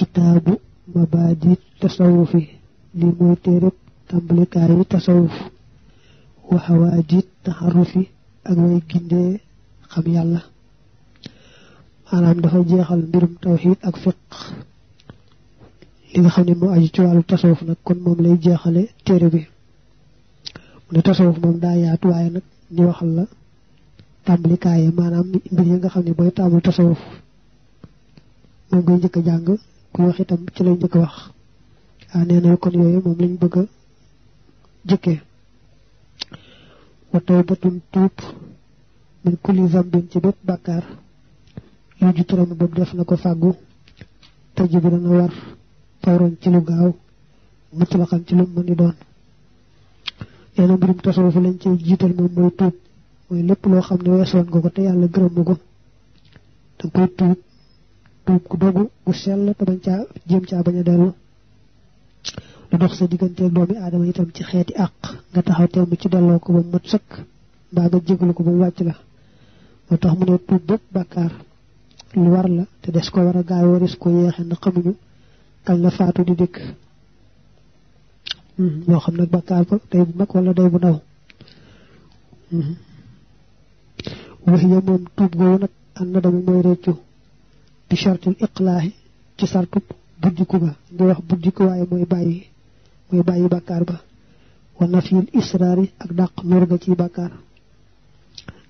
kitaabu mabaadi tasawufi li mooy téereb tàmbalikaayu tasawuf wa taxarufi ak way gindee xam yàlla maanaam dafa jeexal mbirum tawxiid ak fiq li nga xam ne moo aju ci wàllu tasawuf nag kon moom lay jeexale téere bi mu ne tasawuf moom daa yaatu waaye nag ñu waxal la tàmbalikaay maanaam mbir yi nga xam ne booy tàmbali tasawuf moom ngay njëkk jàng ku wax itam ci lay jëkk wax waaw ah, nee na kon yooyu moom lañ bëgg jëkkee wa tawbatun tuub min kulli zambin ci bépp bàkkaar yu ju turam def na ko fàggu te jibu dana war fawroon ci lu gaaw ci lu mën di doon nee na mbirum tasawuf mooy tuub loo xam ne weesoon nga ko te yàlla gërëmu ko danga koy tuub tuub ku dogu bu sell te bañ caa jéem caa bañ a dellu lu dox sa digganteeg doomi aadama itam ci xeeti àq nga taxaw temm ci delloo ko ba mat sëkk mbaa nga jégalu ko ba wàcc la moo tax mu ne tuub bépp bàkkaar lu war la te des ko war a gaaw waris ko yeexe na xamuñu kañ la faatu di dikk moo hmm, xam nag bàkkaar ko day bu mag wala day bu ndaw hmm. wax ya moom tuub googu nag ànd na dama mooy réccu bi shartul iqlaahi ci sartub buddiku ba ngay wax buddiku waaye mooy bàyyi mooy bàyyi bàkkaar ba wa nafiyul israari ak dàq lor ga ci bàkkaar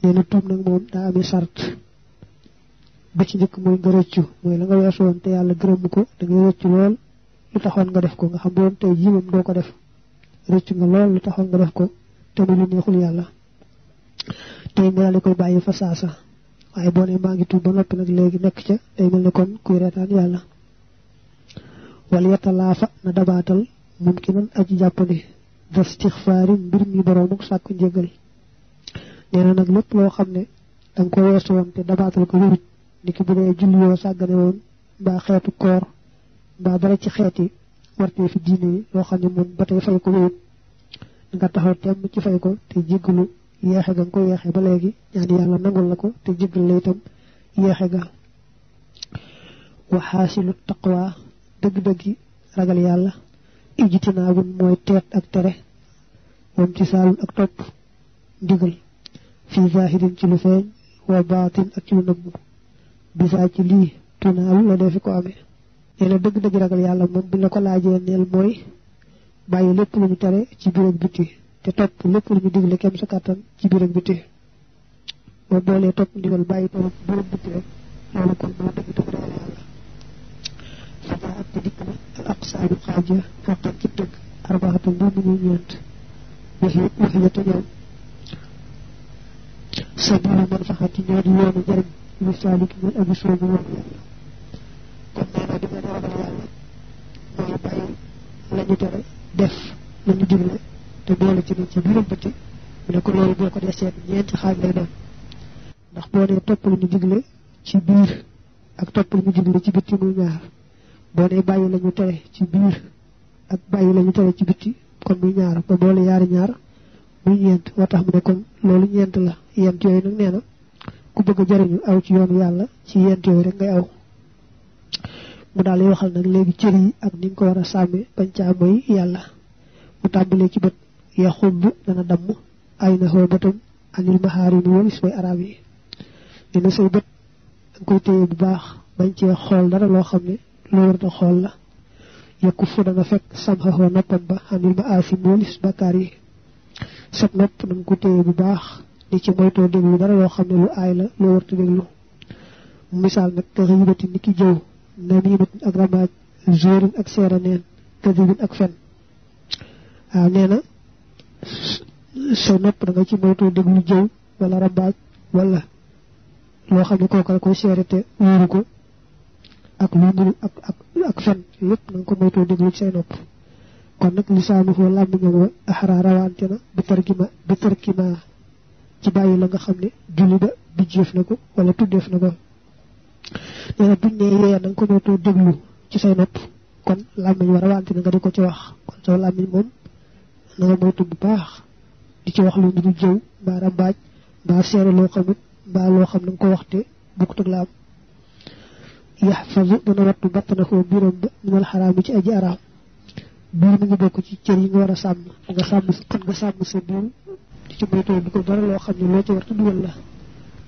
nee na tuub nag moom daa amee sart ba ci njëkk mooy nga rëccu mooy la nga weesu te yàlla gërëmu ko da ngay rëccu lool lu taxoon nga def ko nga xam woon tey jii moom doo ko def rëccu nga lool lu taxoon nga def ko te mu lu neexul yàlla tey nga daal koy bàyyi fa saasa waaye boo ne maa ngi tuub ba noppi nag léegi nekk ca day mel ne kon kuy reetaan yàlla wala yettalaafa na dabaatal mun ki nan aji jàppandi das tixfaari mbir mi boroom ak sàkku njëgal nag lépp loo xam ne da nga ko weesu woon te dabaatal ko wérut ni ki bu dee julli yoo sàggane woon mbaa xeetu koor mbaa dara ci xeet yi warte fi diine yi loo xam ne mun ba tey fay ko wérut nga taxaw temm ci fay ko te jéggalu yéexe ga nga ko yéexe ba léegi ñaan yàlla nangul la ko te jéggal la itam yéexe ga waxaasilu taqwa dëgg-dëggi ragal yàlla ijtinaabun mooy teet ak tere moom ci saalun ak topp ndigal fii zaahirin ci lu feeñ wa baatin ak ci lu nëbbu bisaa ci lii tunaalu la dee fi ko amee nee dëgg-dëgg ragal yàlla moom bu la ko laajee neel mooy bàyyi lépp lu ñu tere ci biir ak biti te topp lépp lu ñu digle kem sa kàttan ci biir ak biti boo boolee topp ndigal bàyyi topp biir ak rek loolu kon moo dëgg dëgg daal yàlla ak te dikk na al aqsa bi xaaja xaqat ci dëgg arbaxatan mu ñuy ñeent wax wax ya te ñoom sabilu man faxati ñoo di yoonu njëriñ lu saalik ñun abi soobu yoon yàlla kon maanaa di gën a ragal yàlla def la digle te boole ci ni ci biiram bëtti mu ne ko loolu boo ko dee seet ñeenti xaaj lay doon ndax boo nee topp lu ñu ci biir ak topp lu ñu ci bitti muy ñaar boo nee bàyyi la ñu tere ci biir ak bàyyi la ñu tere ci bitti kon muy ñaar ba boole yaari ñaar muy ñeent moo tax mu ne kon loolu ñeent la yent yooyu nag nee na ku bëgg a jariñu aw ci yoonu yàlla ci yent yooyu rek ngay aw mu daal di waxal nag léegi cër yi ak ni nga ko war a sàmmee bañ caa mooy yàlla mu tàmbalee ci bët yaxub dana damm ay na xoo bëtam anil maxaarim yi walis way yi nee say bët danga koy bu baax bañ cee xool dara loo xam ne loo warta xool la yëkku fu dana fekk samxaxoo noppam ba anil ma aasim walis bakkaar yi sab nopp danga ko téye bu baax di ci moytoo déglu dara loo xam ne lu aay la loo warta déglu misaal nag ka xëybati ni ki jëw namimatin ak ramaaj zorin ak seeraneen kadibin ak fen waaw nee sa nopp da ci moytu déglu jëw wala rambaaj wala loo xam ne kooku koy seere te wóoru ko ak luy nuru ak ak fen lépp na nga ko moytu déglu ci say nopp kon nag lisaanu foo ci bàyyi la nga xam ne julli ba bijjeef na ko wala tuddeef na ko nee na duñ ne yee na nga ko moytu déglu ci say nopp kon làmmiñ wa rawante na nga di ko ci wax kon soo làmmiñ moom na nga bu baax di ci wax lu ñu jëw mbaa rambaaj mbaa seere loo xamut mbaa loo xam ne nga ko waxte bukkut ak laam yaxfazu dana wattu battanakoo biiram ba minal ci aji araam biir ci cër yi war a sàmm nga sàmm kon nga sàmm sa ko dara loo xam ne loo ci war la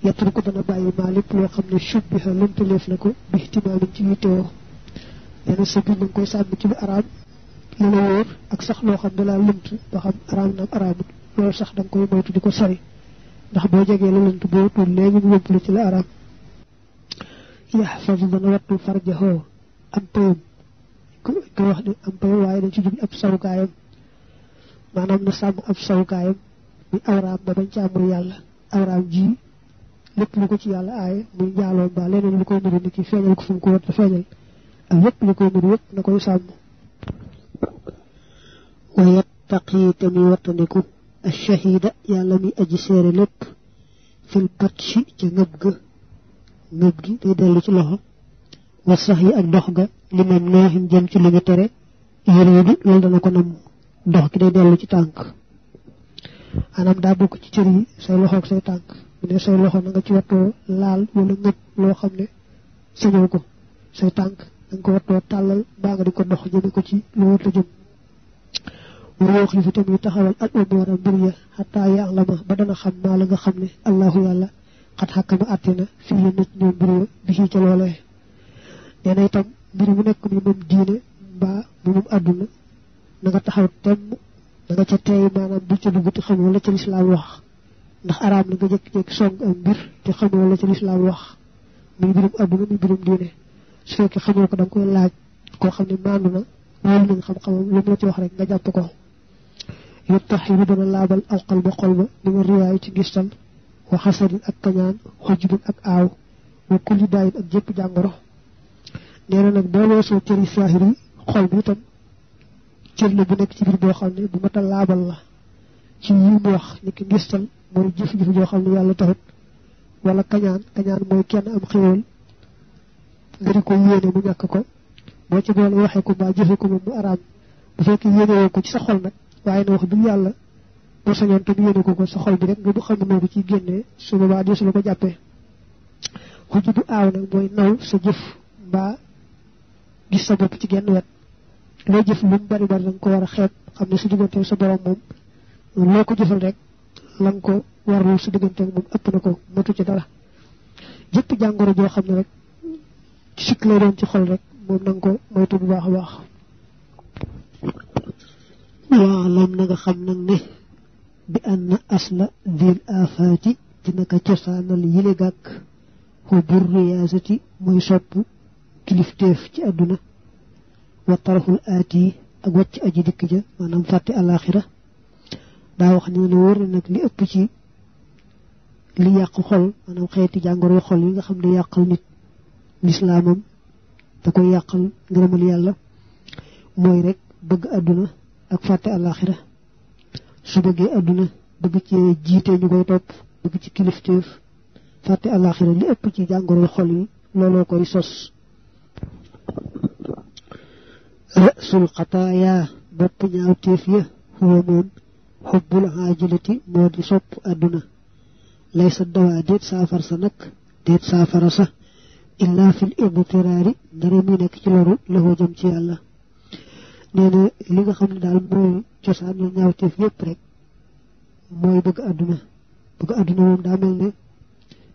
yettu ko dana bàyyi maa lépp loo xam ne chub bi xa lëntaleef na ko bi ihtimaamin ci yittewoo nee na sa nga koy sàmm ci lu araam li la wóor ak sax loo xam ne laa lënt ba xam araam na araamut loolu sax da nga koy moytu di ko sori ndax boo jegee la lënt boo tuul léegi mu yóbbu la ci la araam ba dana wattu farjaxoo am payam ko wax ne am payam waaye dañ ci jubli ab sawukaayam maanaam na sàmm ab sawukaayam muy awraam ba bañ ci yàlla awraam ji lépp lu ko ci yàlla aaye muy njaaloo ba leneen lu koy nuru ni feeñal ko fu mu ko war feeñal ak yépp lu koy nuru yépp na koy sàmm wa yattaqi te muy wattandiku ashahida yàlla mi aji seere lépp fil batshi ci ngëb gi day dellu ci loxo wa sax yi ak dox ga li man jëm ci li ñu tere yëridu loolu dana ko nam dox gi day dellu ci tànk anam daa bokk ci cër yi say loxo ak say tànk mu ne say loxo na nga ci wattoo laal wala ngëb loo xam ne sañoo ko say tànk da ko wattoo tàllal baa nga di ko dox jëme ko ci lu wut la ruux yi fi tam yu taxawal al umura mbir ya xataa yaalama ba dana xam maa la nga xam ne allahu yàlla xat xakkama àtte na fii la nit ñoom mbir ya bi ci ca loolee nee na itam mbir mu nekk mu moom diine mbaa mu moom àdduna na nga taxaw temm na nga ca teey maanaam bu ca dugg te xamoo la ca lislaam wax ndax araam la nga jékki-jékki song am mbir te xamoo la ci lislaam wax muy mbirum àdduna muy mbirum diine su fekkee xamoo ko da nga koy laaj koo xam ne maandu na wóolu na nga ci wax rek nga jàpp ko yu tax laabal alxal ba xol ba li ma riwaayu ci gistal wa xasadin ak kañaan xojjubin ak aaw ak jëpp jàngoro nee na nag boo weesoo cëri saahir yi boo xam ne bu laabal la ci yi mu wax ne yàlla taxut wala kañaan kañaan mooy kenn am xéwal nga di ko yéene mu ñàkk ko boo ci boole waxee ko mbaa jëfe ko mu araam bu fekkee yéene ko ci sa xol nag waaye na wax dëgg yàlla boo sañoon te du yéene ko ko sa xol bi rek nga du xam noo su boobaa ko jàppee xujj bu aaw nag mooy naw sa jëf mbaa gis sa bopp ci genn wet loo jëf lu bari bari da nga ko war a xeeb xam ne su digganteeg sa borom moom loo ko jëfal rek la nga ko warlu su digganteeg moom ëpp na ko matu ci dara jëpp jàngoro joo xam ne rek sikk lay doon ci xol rek moom na nga ko moytu bu baax a faalam na nga xam nag ne bi anna asla dil afaati ci naka cosaanal yile gàkk xubur riyaasati mooy sopp kilifteef ci àdduna wa taraful aati ak wàcc aji dikk ja maanaam fàtte alaaxira daa wax ne na wóor na nag li ëpp ci li yàq xol maanaam xeeti jàngoro xol yi nga xam ne yàqal nit lislaamam da koy yàqal ngërëmal yàlla mooy rek bëgg àdduna ak fàtte àllaaxira su bëggee àdduna bëgg ci jiite ñu koy topp bëgg ci kilifteef fàtte àllaaxira li ëpp ci jàngoro xol yi looloo koy sos rasul xataaya bopp ñaawteef ya huwa moom xubbul xaajilati moo di sopp àdduna lay sa dawaa déet saafar sa nag déet saafara sa illaa fil ibtiraari ndare mu nekk ci loru la jëm ci yàlla nee na li nga xam ne daal mooy cosaan ñoo ñaawteef yépp rek mooy bëgg àdduna bëgg àdduna moom daa mel ne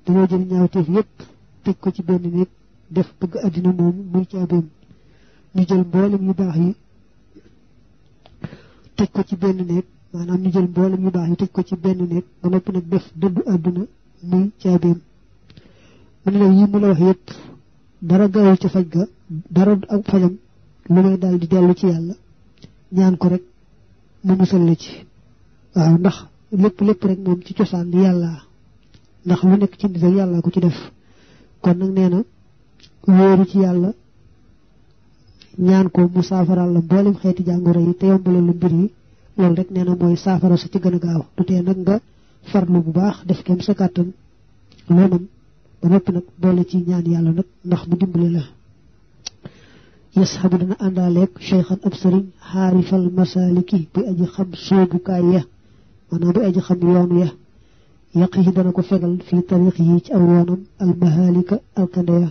dañoo jël ñaawteef yépp teg ko ci benn nit def bëgg àddina moom muy caabeem ñu jël mboolem yu baax yi teg ko ci benn néeg maanaam ñu jël mboolem teg ko ci benn néeg ba noppi nag def dëddu àdduna muy caabeem mu ne la yi mu la wax yépp dara gaawul ca faj ga dara ak fajam lu may daal di dellu ci yàlla ñaan ko rek mu musal la ci waaw ndax lépp lépp rek moom ci cosaan bi yàlla ndax lu nekk ci nit ak yàlla ko ci def kon nag nee na wóoru ci yàlla ñaan ko mu saafaral la mboolem xeeti jàngoro yi te yombale lu mbir yi loolu rek nee na mooy saafara su ci gën a gaaw du tee nag nga farlu bu baax def kem sa kàttan loo mën ba noppi nag boole ci ñaan yàlla nag ndax mu dimbali la yasxabu dana àndaaleeg cheikhan ab sëriñ xaarifal masaliki bi aji xam soobukaay ya maanaam bi aji xam yoon ya yàq yi dana ko fegal fii tariix yi ci aw yoonam almahalika alkande ya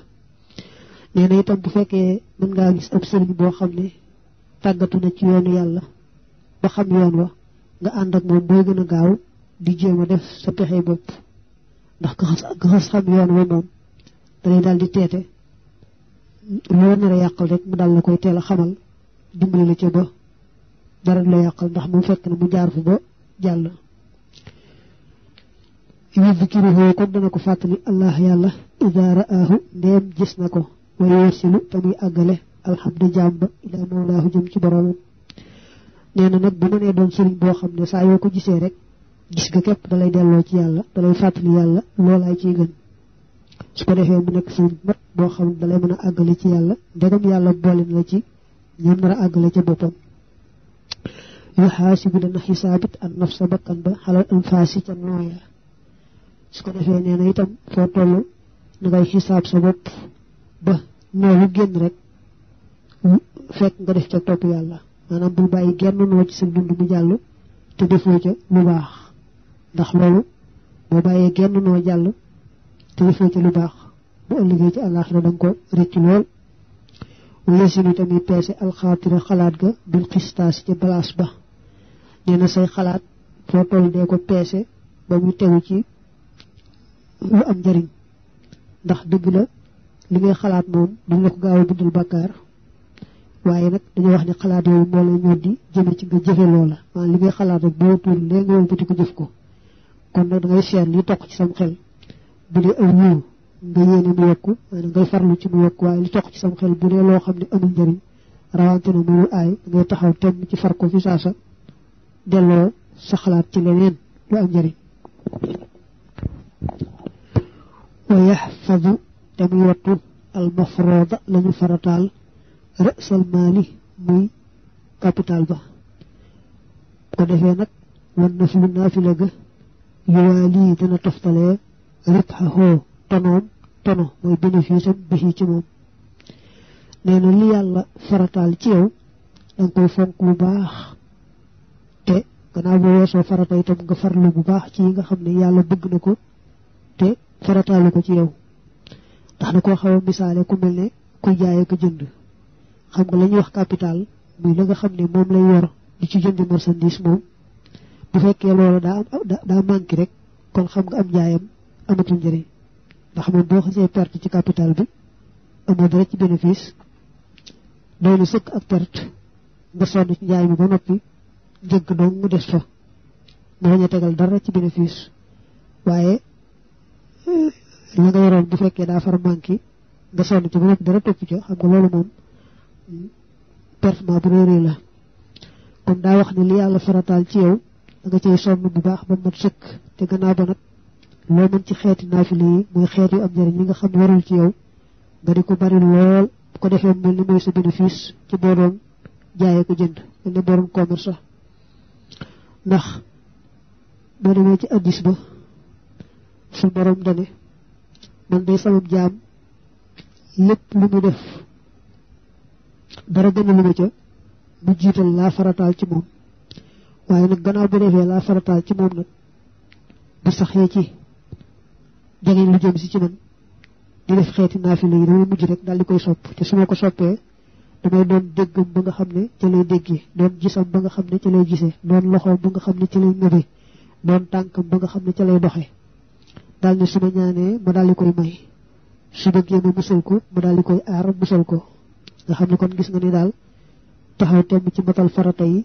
nee na itam bu fekkee mën ngaa gis ab sëriñ boo xam ne tàggatu na ci yoonu yàlla ba xam yoon wa nga ànd ak moom booy gën a gaaw di jéem a def sa pexe bopp ndax ka xam yoon wa moom dalay daal di teete lu la a yàqal rek mu daal la koy teel a xamal dimbali la ca ba dara du la yàqal ndax mu fekk na mu jaar fu ba jàll wi zikruhu kon dana ko fàttali allah yàlla ida raahu ndeem gis na ko wa yusilu te muy àggale alhamdu jaam ba ila mawlaahu jëm ci boroomam nee na nag bu mënee doon sëriñ boo xam ne saa yoo ko gisee rek gis nga képp dalay delloo ci yàlla dalay fàttali yàlla loolaay ciy gën su ko defee mu boo xam ne dalay mën ci yàlla ndegam yàlla la ci ñoom nar a àggale ca boppam sa bakkan ba xalal am faasi ca ko defee nee na itam foo toll na ngay xisaab sa bopp ba noowu génn rek fekk nga def ca topp yàlla maanaam bul bàyyi genn noo ci sa dund mu jàll te defoo ca lu baax ndax loolu boo bàyyee genn noo jàll jëfee ci lu baax bu ëllëgee ci àllaaxira danga ko rëcc lool wala sinu tamit peese alxaatira xalaat ga bil xistaas ci balaas ba nee na say xalaat foo toll dee ko peese ba mu tegu ci lu am njëriñ ndax dëgg la li ngay xalaat moom duñ la ko gaaw a bindul waaye nag dañuy wax ne xalaat yooyu moo lay ñor di jëme ci nga jëfe loola maanaam li xalaat rek boo tuur lee nga ko jëf ko kon nag da ngay seet li toq ci sam xel bu dee aw ñuul nga yéene mu yokku waaye ngay farlu mu yokku waaye li toq ci sam xel bu dee loo xam ne amul njëriñ rawante ne mënul aay ngay taxaw temm ci far fi saasa delloo sa xalaat ci leneen lu am njëriñ wa yaxfadu te muy wattu almafrooda lañu farataal rësal maali muy capital ba ko defee nag wan na fi lu naafila ga dana toftalee ribxahu tonoom tono mooy bénéfice am bi ci moom nee na li yàlla farataal ci yow danga koy fonk bu baax te gannaaw boo weesoo farata itam nga farlu bu baax ci yi nga xam ne yàlla bëgg na ko te farataalu ko ci yow tax na koo xaw a misaale ku mel ne kuy jaay ak jënd xam nga la wax capital muy la nga xam ne moom lay yor di ci jënd marchandise moom bu fekkee loola daa am rek kon xam nga am jaayam amatul njëriñ ndax moom boo xasee perte ci capital bi amoo dara ci bénéfice doy na sëkk ak perte nga sonn ci njaay mi ba noppi jëgg doom mu des fa mu bañ a tegal dara ci bénéfice waaye eh, la nga yoroon bu fekkee daa far manqué nga sonn ci ba noppi dara topp ca xam nga loolu moom pertement bu réeré la kon daa wax ne li yàlla farataal ci yow da nga sonn bu baax ba mat sëkk te gannaaw ba nag loo mën ci xeeti naafile yi muy xeet yu am njëriñ yi nga xam warul ci yow nga di ko bari lool ko defee mel ni mooy sa bénéfice ci boo doon jaayee ko jënd ne borom commerce sax ndax boo demee ci addis ba su borom dane man day sama jaam lépp lu mu def dara gën ca mu jiital laa farataal ci moom waaye nag gannaaw bu defee laa farataal ci moom nag bu saxee ci jege lu jëm si ci man di def xeeti naafila yi damay mujj rek daal di koy sopp te su ma ko soppee damay doon déggam ba nga xam ne ca lay déggee doon gisam ba nga xam ne ca lay gisee doon loxoom ba nga xam ne ca lay ñëbee doon tànkam ba nga xam ne ca lay doxee dal ne su ma ñaanee ma daal di koy may su bëggee ma musal ko ma daal di koy aar musal ko nga xam ne kon gis nga ni daal taxaw temm ci matal farata yi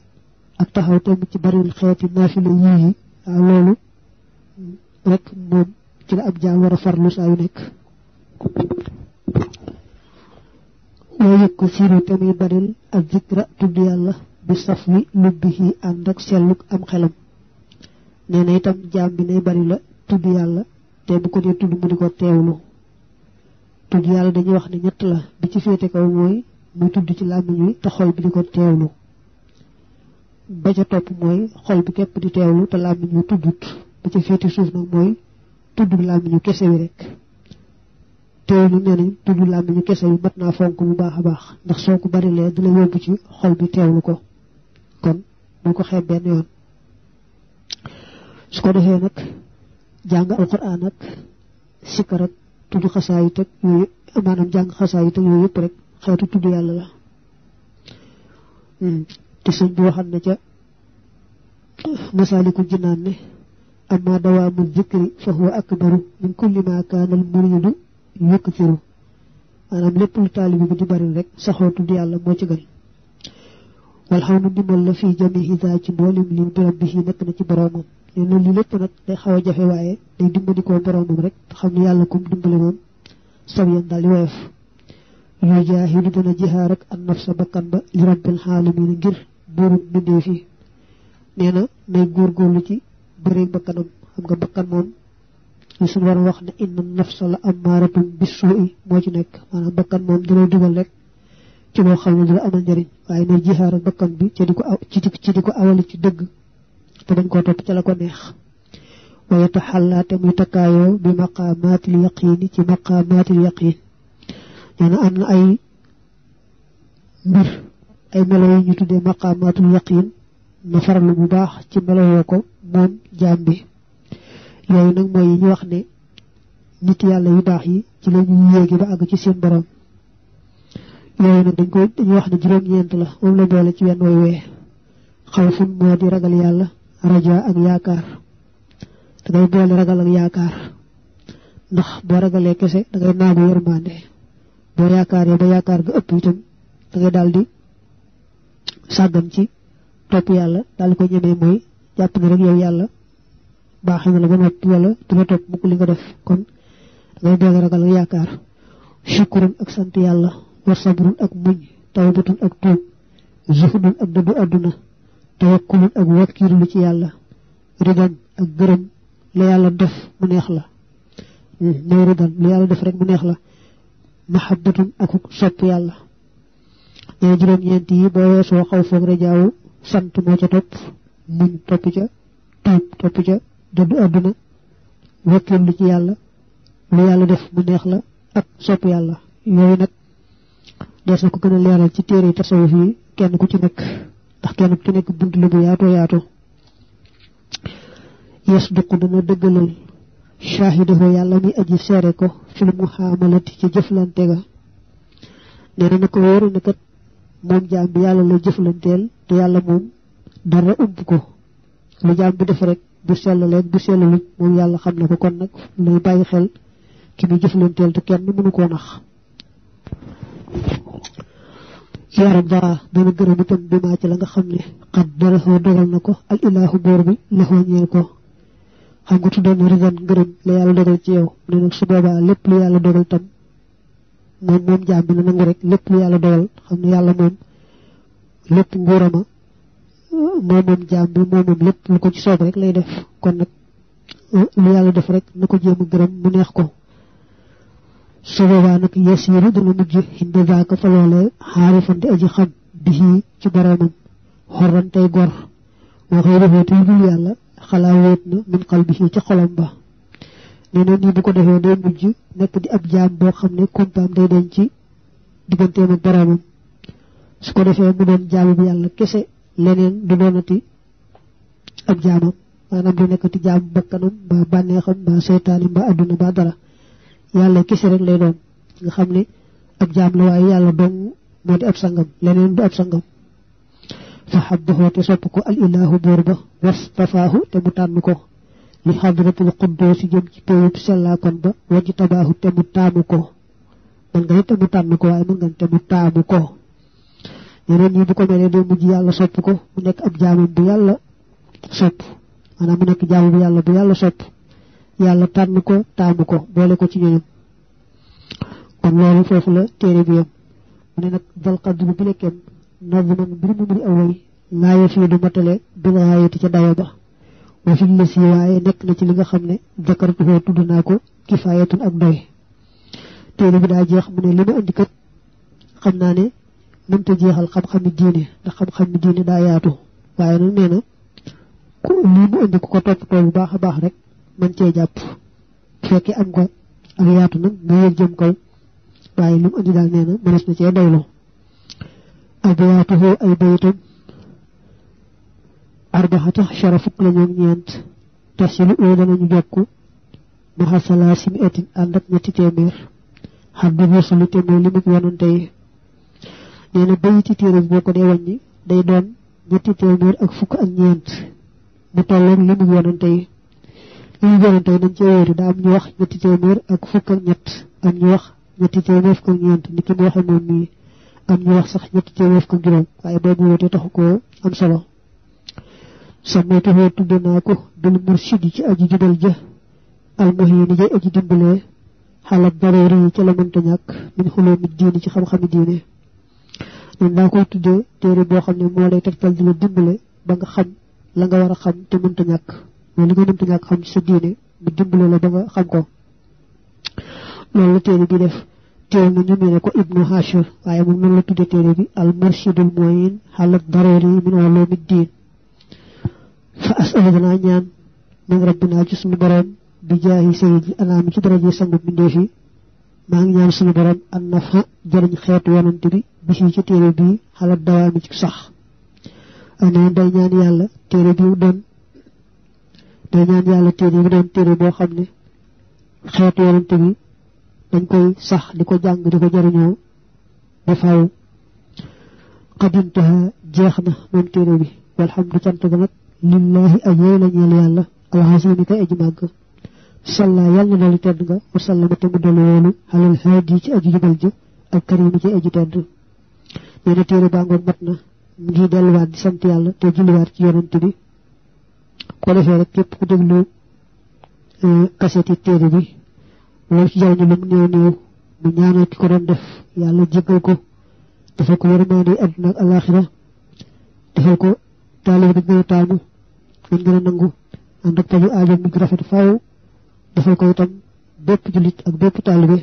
ak taxaw temm ci bariwul xeeti naafila yii ci la ab jaam war a farlu saa nekk loo yëg ko siiru te muy baril ak zikra tudd yàlla bi saf wi lubbihi ànd ak selluk am xelam nee itam jaam bi nay bari la tudd yàlla te bu ko dee tudd mu di ko teewlu wax ne ñett la bi ci féete kaw mooy muy tudd ci làmmiñ wi te xol bi di ko teewlu ba ca topp mooy xol bi képp di teewlu te làmmiñ wi tuddut ba ca féete suuf nag mooy tudd làmmiñu kese wi rek te ñu nee nañ tudd làmmiñu kese wi mat naa fonk bu baax a baax ndax soo ko bari lee dina yóbbu ci xol bi teewlu ko kon boo ko xeeb benn yoon su ko defee nag jàng alxuraan ak sikkar ak tudd xasaa yi teg yooyu maanaam jàng xasaa yi teg yooyu yëpp rek xeetu tudd yàlla la hmm. te sëñ bi waxal na ca masaaliku jinaan ne amma dawaamu zikri fa huwa akbaru min kulli ma kaana al muridu yukthiru maanaam lépp lu taalibi bi di bari rek saxoo tudd yàlla moo ci gën wal xaw nu dimbal la fii jamihi daa ci mboolem liw bi rabbihi nekk na ci boroomam nee na lépp nag day xaw a jafe waaye day dimbandikoo boroomam rek xam ne yàlla kum dimbale moom saw yan daal di woyof yu dana jihaar ak an nafsa bakkan ba li rabbil xaalamiin ngir buurub mbindee fi nee na nay góorgóorlu ci bari bakkanam xam nga bakkan moom li suñu war a wax ne inna nafsa la ammaaratum bisuu'i moo ci nekk maanaam bakkan moom di dugal rek ci loo xam ne dina amal njëriñ waaye ne jihaara bakkan bi ci di ko aw ci di dëgg te dañ koo topp ca la ko neex waaye taxallaa te muy takkaayoo bi maqaamaatil yaqiini ci maqaamaatil yaqiin nee na am na ay mbir ay melo yu ñu tuddee maqaamaatul yaqiin na farlu bu baax ci melowoo ko moom jaam bi yooyu nag mooy yi ñu wax ne nit yàlla yu baax yi ci la yéegi ba àgg ci seen borom yooyu nag dañ ko dañu wax ne juróom-ñeent la moom la boole ci wenn woywee xawfun moo di ragal yàlla raja ak yaakaar dangay boole ragal ak yaakaar ndax boo ragalee kese dangay naagu yërmande boo yaakaaree ba yaakaar ga ëpp itam dangay daal di sàggam ci topp yàlla daal ko ñemee mooy jàpp ne rek yow yàlla baaxe na la ba noppi wala du topp mukk li nga def kon dangay doog a ragal ak ak sant yàlla war ak muñ tawbatun ak tuub àdduna tawakkulun ak wakkiirlu ci yàlla ridan ak gërëm la yàlla def mu neex la hmm, mooy ridan la def rek mu neex la mahabbatun ak sopp yàlla yi boo weesoo xaw foog rajaawu sant moo ca topp muñ topp ca tuub topp ca dëddu àdduna wëkkil lu ci yàlla lu yàlla def mu neex la ak sopp yàlla yooyu nag des na ko gën leeral ci téere tasawuf yi kenn ku ci nekk ndax kenn ku ci nekk bunt la bu yaatoo yaatu yes duq dana dëggalal shaahidahu yàlla mi aji seere ko fil muhaamalati ci jëflante ga nee na ko wóoru ne moom jaam bi yàlla la jëflanteel te yàlla moom dara ump ko lu jaam bi def rek bu sell leen bu sell luñ moom yàlla xam na ko kon nag lay bàyyi xel ki mu jëflanteel te kenn mënu koo nax yaram baa dana gërëm itam bi maa ci la nga xam ne xat dara xoo dogal na ko al ilaahu boor bi la xoo ñeel ko xam nga tuddoon na ridan gërëm la yàlla dogal ci yow ne nag su boobaa lépp lu yàlla dogal tam moom moom jaam bi na nangu rek lépp lu yàlla dogal xam ne yàlla moom lépp nguurama moom moom jaam bi moom moom lépp lu ko ci soob rek lay def kon nag lu yàlla def rek na ko jéem a gërëm mu neex ko su boobaa nag yasiiru dana mujj indi zaaka fa loolee xaarifan di aji xam bi ci boroomam xorran tey gor waxee rëbootu yi dul yàlla xalaa wóot na min xal bi ci xolam ba nee na ko defee day mujj nekk di ab jaam boo xam ne kumpaam day deñ ci digganteem ak boroomam su ko defee mu doon jaamu bi yàlla kese leneen du doonati ab jaamam maanaam du nekkati jaamu bakkanam mbaa bànneexam mbaa seytaane mbaa adduna mbaa dara yàlla kese rek lay doon nga xam ne ab jaam la waaye yàlla dong moo di ab sangam leneen du ab sangam fa xabbahu te sopp ko al ilaahu buur ba wastafaahu te mu tànn ko li xadratul xuddoo si jëm ci péyub sellaakoon ba wajj tabaaxu te mu taamu ko mën nga ne te mu ko waaye mën nga ne te ko yeneen yi bu ko melee day mujj yàlla sopp ko mu nekk ab jaamam bu yàlla sopp maanaam mu nekk jaamu bu yàlla bu yàlla sopp yàlla tànn ko taamu ko boole ko ci ñoom kon loolu foofu la téere bi yam mu ne nag dal bi la kenn nobb man mbir mu mbiri away laa yëf du matale bi nga xaayati ca dayo ba wa fi la si waaye nekk na ci li nga xam ne jëkkër bu tudd naa ko kifaayatun ak doy téere bi daa jeex mu ne li ma indi kat xam naa ne mënta jeexal xam-xami diine ndax xam-xami diine daa yaatu waaye nag nee na ku lii mu indi ku ko toppatoo bu baax a baax rek mën cee jàpp fekkee am ko ak yaatu nag nga yëg jëm kaw waaye li mu indi daal nee mënees na cee doyloo ay bayaatu ay bayitam arbaxatu xashara fukk lañu ak ñeent tasilu oo danañu jokk maxa salaasi mi etin ànd ak ñetti téeméer xar du mursali te mooy limuk wanante yi nee na bayiti boo ko dee wàññi day doon ñetti téeméer ak fukk ak ñeent mu tolloog limuk wanante yi limuk wanante yi dañ cee wéeru daa am ñu wax ñetti téeméer ak fukk ak ñett am ñu wax ñetti téeméer fukk ak ñeent ni ki mu waxee moom nii am ñu wax sax ñetti téeméer fukk ak juróom waaye boobu wute taxu ko am solo sammaytuhu tudde naa ko bil murshidi ci aji jubal ja almuhini ja aji dimbalee xalat daroori yi ca la mënta ñàkk min xuloo mi diini ci xam-xami diine noonu laa koy boo xam ne moo lay tegtal di la dimbale ba nga xam la nga war xam te mënta ñàkk mooy li nga mënta ñàkk xam ci sa diine mu dimbale la ba nga xam ko loolu la téere bi def teew na ñu ko ibnu hashir waaye moom noonu la tuddee téere bi al murshidul mooyin xalat daroori min xuloo diin fa asalu danaa ñaan man rabbinaa ci sunu borom bi jaayi sayyidi anaami ci daraje sangu bindeef yi maa ngi ñaan sunu borom an nafa jëriñ xeetu yonante bi bisi ci téere bii xalaat dawaami ci sax anee day ñaan yàlla téere dañ koy sax di ko jàng di ko jëriñoo ba faaw xadintaha jeex na moom bi walhamdu cant ba lillahi ajoy la ñeel yàlla alxasini kay aji màgg salla yàlla na tedd nga wasallama te mu dolu woolu xalal haadi ci aji jubal ji ak karimi ci aji tedd nee téere baa ngoon mat na mu ngi delluwaat di sant yàlla te julliwaat ci yonent bi ko defee rek képp ku déglu eh, kaset yi téere bi loolu ci jaww ji lu mu néew néew ñaanal ki ko def yàlla jéggal ko defal ko yërmaande àdduna ak alaaxira defal ko taalibe bi gën a taamu moom dina nangu ànd ak paju aajo mujj rafet faaw defal ko itam bépp jullit ak bépp taalibe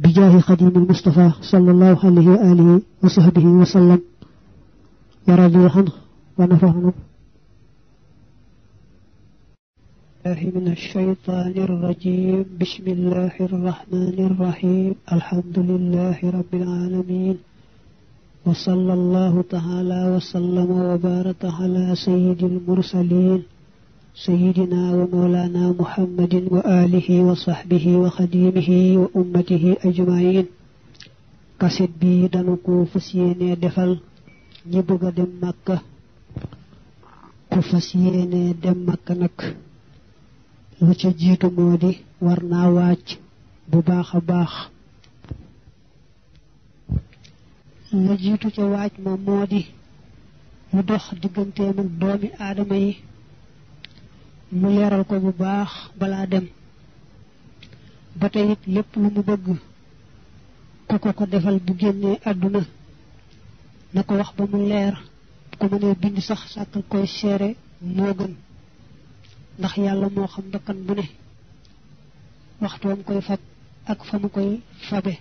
bi jaahi xadimil Mustafa sallallahu alayhi wa alihi wa sahbihi wa sallam wa radiya anhu wa nafa'ana الله من الشيطان الرجيم بسم الله الرحمن الرحيم الحمد لله رب العالمين وصلى الله تعالى وسلم وبارك على سيد المرسلين سيدنا ومولانا محمد وآله وصحبه وخديمه وأمته أجمعين kaset bi danu ko fas yéene defal ñi bëgg a dem Makka ku fas yéene dem Makka nag lu ca jiitu moo di war naa wàcc bu baax a baax la jiitu ca waaj ma moo di lu dox digganteem ak doomi aadama yi mu leeral ko bu baax balaa dem ba tey it lépp lu mu bëgg ku ko ko defal bu génnee àdduna na ko wax ba mu leer bu ko mënee bind sax sàkkal koy seere moo gën ndax yàlla moo xam bakkan bu ne waxtu koy fab ak fa mu koy fabe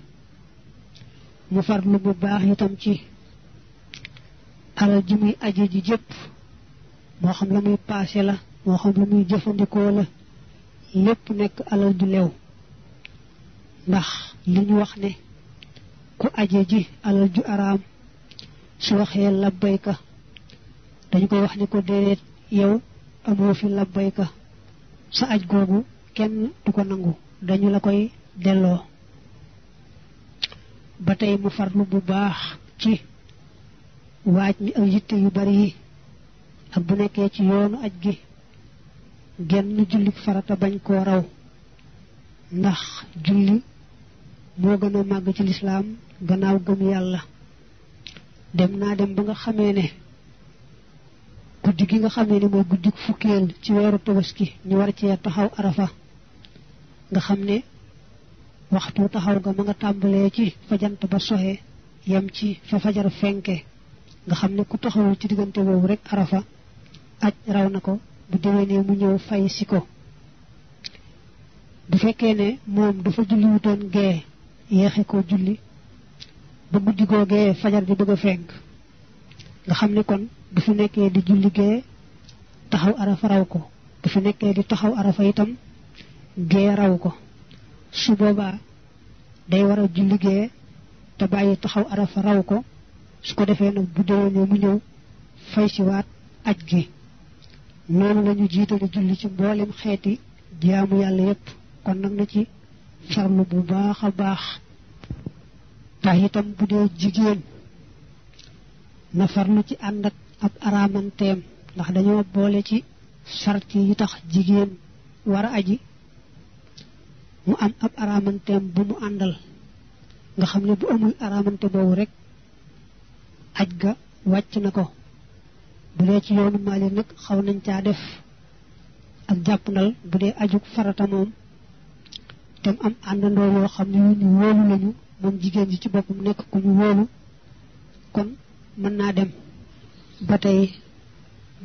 mu farlu bu baax itam ci alal ji muy aje ji jëpp moo xam la muy paase la moo xam la muy jëfandikoo la lépp nekk alal ju leew ndax li ñu wax ne ku aje ji alal ju araam su waxee labbayka dañu koy wax ni ko déedéet yow amoo fi labbayka sa aj googu kenn du ko nangu dañu la koy delloo ba tey mu farlu bu baax ci waaj mi ak yitte yu bari yi ak bu nekkee ci yoonu aj gi genn julli farata bañ koo raw ndax julli moo gën a màgg ci lislaam gannaaw gëm yàlla dem naa dem ba nga xamee ne guddi gi nga xamee ne mooy guddi fukkeel ci weeru gi ñu war ci taxaw arafa nga xam ne waxtu taxaw nga ma nga tàmbalee ci fa jant ba soxe yem ci fa fajar fenke nga xam ne ku taxawul ci diggante boobu rek arafa aj raw na ko bu déwénee mu ñëw fay si ko bu fekkee ne moom dafa julli wutoon gee yeexe ko julli ba guddi googee fajar di bëgg fenk nga xam ne kon du fi nekkee di julli gee taxaw arafa raw ko du fi nekkee di taxaw arafa itam gee raw ko su boobaa day war a julli gee te bàyyi taxaw arafa raw ko su ko defee nag bu déwénee mu ñëw fay si waat aj gi noonu la ñu jiitale julli ci mboolem xeeti jaamu yàlla yépp kon nag na ci farlu bu baax a baax tax tam bu dee jigéen na farlu ci àndak ab araamanteem ndax dañoo boole ci sart yi tax jigéen war a aji mu am ab araamanteem bu mu àndal nga xam ne bu amul araamante boobu rek aj ga wàcc na ko bu dee ci yoonu Maalik nag xaw nañ caa def ak jàppandal bu dee ajug farata moom te mu am àndandoo yoo xam ne yu ñu wóolu lañu moom jigéen ji ci boppam nekk ku ñu wóolu kon mën naa dem ba tey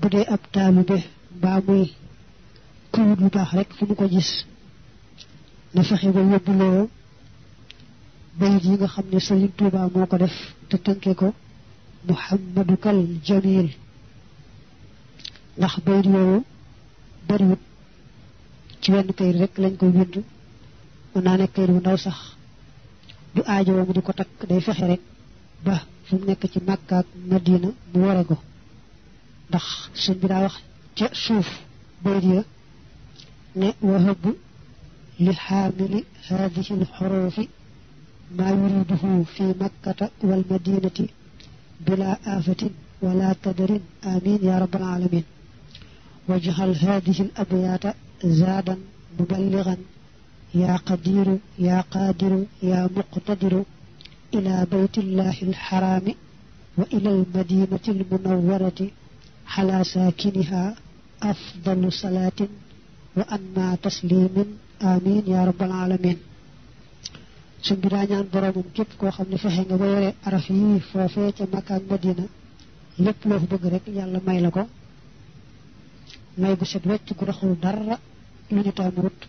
bu dee ab taalibe mbaa muy kuwut lu baax rek fu mu ko gis na fexe ba yóbbuloo bayit yi nga xam ne Sëriñ Tuuba moo ko def te tënke ko muhammadukal jamil ndax bayit yooyu bariwut ci wenn kayit rek lañ koy bind mën naa nekk kayit bu ndaw sax du aajowoo mu di ko takk day fexe rek ba fu mu nekk ci Màkka ak Madina mu ware ko ndax sëñ bi daa wax ca suuf bayit ya ne wahab للحامل هذه الحروف ما يريده في مكة والمدينة بلا آفة ولا قدر آمين يا رب العالمين واجعل هذه الأبيات زادا مبلغا يا قدير يا قادر يا مقتدر إلى بيت الله الحرام وإلى المدينة المنورة على ساكنها أفضل صلاة وأنمى تسليم amin yaa rabbal alamin suñ bi daa ñaan boroomam képp koo xam ne fexe nga ba yore araf yi foofee ca Makka ak Madina lépp loo fa bëgg rek yàlla may la ko may gu set wecc gu raxul dara lu ñu taamuwut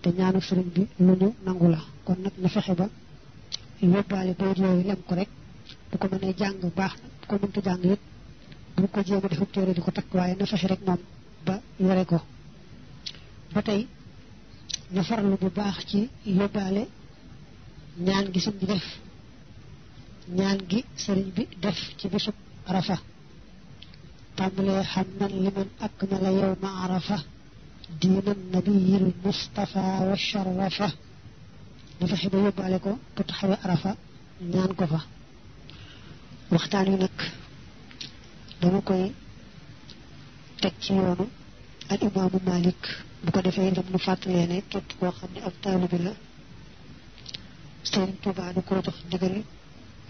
te ñaanu sëriñ bi lu ñu nangu la kon nag na fexe ba yóbbaale bayit yooyu lem ko rek bu ko mënee jàng baax na bu ko mënta jàng it bu ko jéem a defub di ko takk waaye na fexe rek moom ba yore ko ba tey na farlu bu baax ci yóbbaale ñaan gi sëñ bi def ñaan gi sëriñ def ci bisub arafa tàmbalee xam man li man akmala yowma arafa diina nabiyil mustafa wa sharafa na fexe ba yóbbaale ko bu taxawee arafa ñaan ko fa waxtaan wi nag dama koy teg ci yoonu al imaamu malik bu ko defee itam nu fàttalee ne képp koo xam ne ab bi la Sëriñ Tuubaa da ko jox ndigal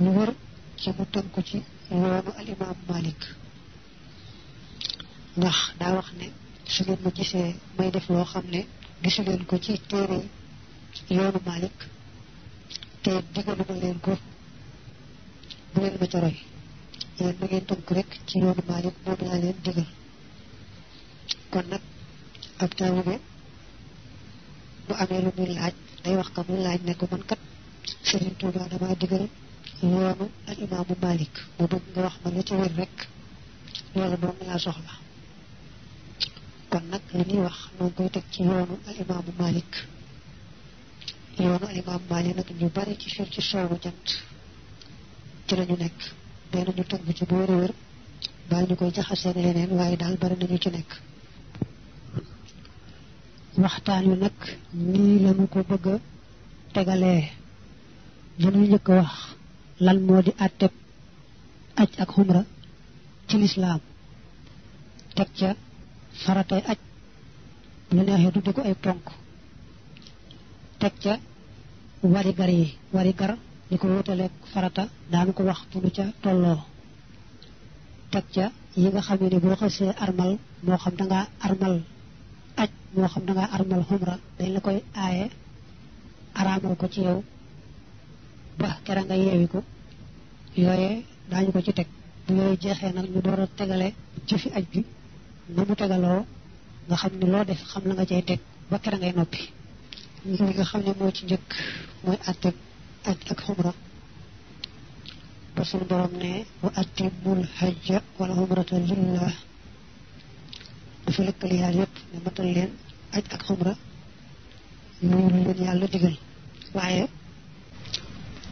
lu wër ci mu tënku ci yoonu al Malik ndax daa wax ne su ngeen ma gisee may def loo xam ne gisu leen ko ci téere yoonu Malik te digaluma leen ko bu leen ma ca roy yéen ma ngeen tënk rek ci yoonu Malik moom laa leen digal kon nag ab taalibe bu amee lu muy laaj day wax ka muy laaj ne ko man kat Sëriñ Tuuba dama digal yoonu al imaamu Malik mu bëgg nga wax ma la ci wér rek loolu doom laa soxla kon nag li ñuy wax noo ngi koy teg ci yoonu al imaamu Malik yoonu al imaamu Malik nag ñu bari ci fir ci soowu jant ci lañu nekk benn ñu tënk ci bu wér a wér baa ñu koy jaxasee leneen waaye daal bari nañu ci nekk waxtaan yu nag nii lañu ko bëgg a tegalee dañuy njëkk wax lan moo di àtteb aj ak xumra ci lislaam teg ca faratay aj ñu neexee tudde ko ay ponk teg ca warigar yi warigar li ko wutaleeg farata daanu ko wax bu nu ca tolloo teg ca yi nga xam ne boo xasee armal moo xam dangaa armal aj moo xam dangaa armal xumra dañ la koy aaye araamal ko ci yow ba kera nga yeewi ko yooye daañu ko ci teg bu yooyu jeexee nag ñu door a tegale jëfi aj bi na mu tegaloo nga xam ni loo def xam la nga cay teg ba kera ngay noppi li nga xam ne moo ci njëkk mooy àtte aj ak xumra ba suñu borom ne wa atimul hajja wal umrata lillah dafa lëkkale yaar yëpp ne matal leen aj ak xumra loolu leen yàlla digal waaye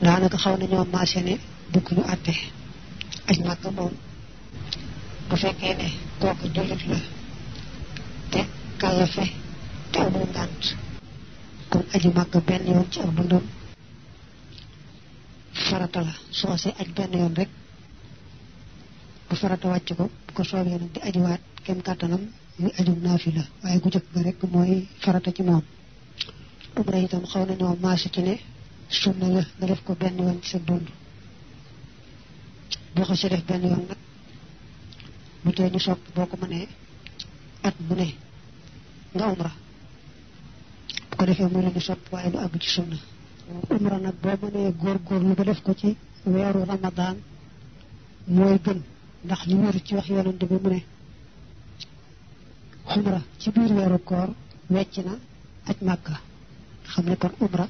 daanaka xaw nañoo marché ne bukk ñu àtte aj màkka moom bu fekkee ne kooku jullit la te kàllafe te amul ngànt kon aju màkka benn yoon ci ab dundam yoon rek bu farata wàcc ko bu ko soobee nag di ajuwaat kem kàttanam muy ajum la waaye gu jëkk ga rek mooy farata ci moom umra itam xaw nañoo maase ci ne sunna la nga def ko benn yoon ci sa dund boo si def benn yoon nag bu tee ñu boo ko mënee at bu nga umra bu ko defee mu la ñu sopp waaye lu àgg ci sunna umra nag boo mënee góorgóorlu ba def ko ci weeru ramadaan mooy gën ndax li wér ci wax yonante bi mu ne umra ci biir weeru koor wecc na aj màkka xam ne kon umra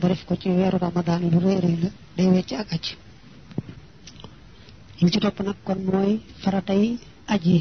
ba def ko ci weeru ramadaan lu rëy rëy day wecc ak aj li ci topp nag kon mooy faratay aj yi